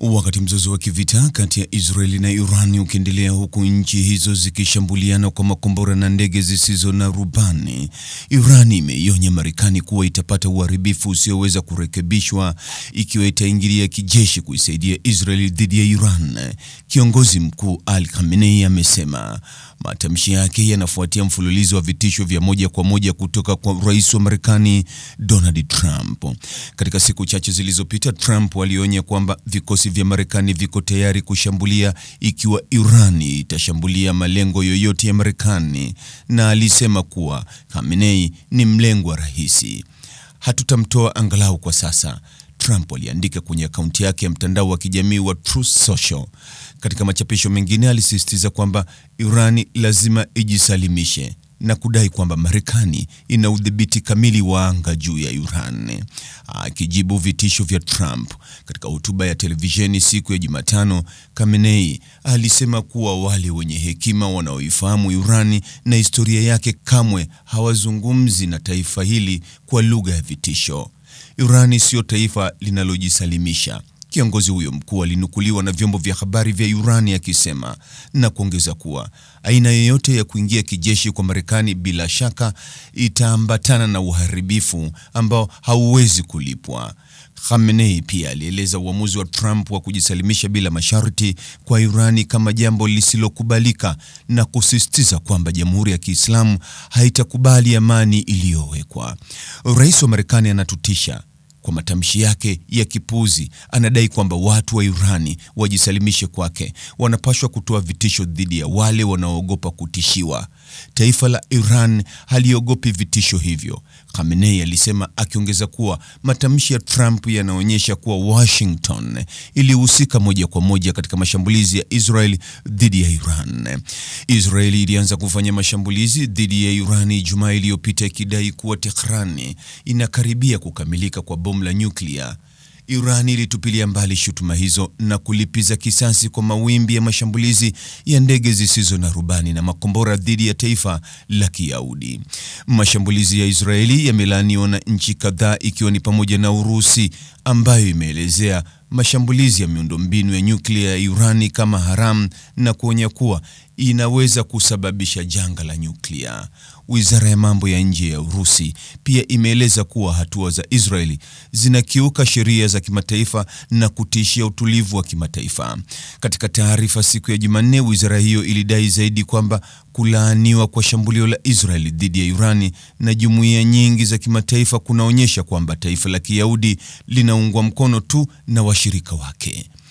Wakati mzozo wa kivita kati ya Israeli na Iran ukiendelea huku nchi hizo zikishambuliana kwa makombora na ndege zisizo na rubani, Iran imeionya Marekani kuwa itapata uharibifu usioweza kurekebishwa ikiwa itaingilia kijeshi kuisaidia Israeli dhidi ya Iran. Kiongozi mkuu Al Khamenei amesema. Matamshi yake yanafuatia mfululizo wa vitisho vya moja kwa moja kutoka kwa Rais wa Marekani Donald Trump. Katika siku chache zilizopita, Trump alionya kwamba vikosi vikosi vya Marekani viko tayari kushambulia ikiwa Irani itashambulia malengo yoyote ya Marekani, na alisema kuwa Khamenei ni mlengwa rahisi. Hatutamtoa angalau kwa sasa, Trump aliandika kwenye akaunti yake ya mtandao wa kijamii wa Truth Social. Katika machapisho mengine, alisisitiza kwamba Irani lazima ijisalimishe na kudai kwamba Marekani ina udhibiti kamili wa anga juu ya Iran. Akijibu vitisho vya Trump katika hotuba ya televisheni siku ya Jumatano, Khamenei alisema kuwa wale wenye hekima wanaoifahamu Iran na historia yake kamwe hawazungumzi na taifa hili kwa lugha ya vitisho. Iran siyo taifa linalojisalimisha Kiongozi huyo mkuu alinukuliwa na vyombo vya habari vya Irani akisema na kuongeza kuwa aina yoyote ya kuingia kijeshi kwa Marekani bila shaka itaambatana na uharibifu ambao hauwezi kulipwa. Khamenei pia alieleza uamuzi wa Trump wa kujisalimisha bila masharti kwa Irani kama jambo lisilokubalika na kusisitiza kwamba Jamhuri ya Kiislamu haitakubali amani iliyowekwa. Rais wa Marekani anatutisha kwa matamshi yake ya kipuzi anadai kwamba watu wa Irani wajisalimishe kwake, wanapaswa kutoa vitisho dhidi ya wale wanaoogopa kutishiwa. Taifa la Iran haliogopi vitisho hivyo, Khamenei alisema, akiongeza kuwa matamshi ya Trump yanaonyesha kuwa Washington ilihusika moja kwa moja katika mashambulizi ya Israel dhidi ya Iran. Israel ilianza kufanya mashambulizi dhidi ya Iran Ijumaa iliyopita ikidai kuwa Tehran inakaribia kukamilika kwa bomu la nyuklia, Iran ilitupilia mbali shutuma hizo na kulipiza kisasi kwa mawimbi ya mashambulizi ya ndege zisizo na rubani na makombora dhidi ya taifa la Kiyahudi. Mashambulizi ya Israeli yamelaaniwa na nchi kadhaa ikiwa ni pamoja na Urusi ambayo imeelezea mashambulizi ya miundombinu ya nyuklia ya Irani kama haramu na kuonya kuwa inaweza kusababisha janga la nyuklia. Wizara ya mambo ya nje ya Urusi pia imeeleza kuwa hatua za Israeli zinakiuka sheria za kimataifa na kutishia utulivu wa kimataifa. Katika taarifa siku ya Jumanne, wizara hiyo ilidai zaidi kwamba kulaaniwa kwa shambulio la Israeli dhidi ya Irani na jumuiya nyingi za kimataifa kunaonyesha kwamba taifa la Kiyahudi linaungwa mkono tu na washirika wake.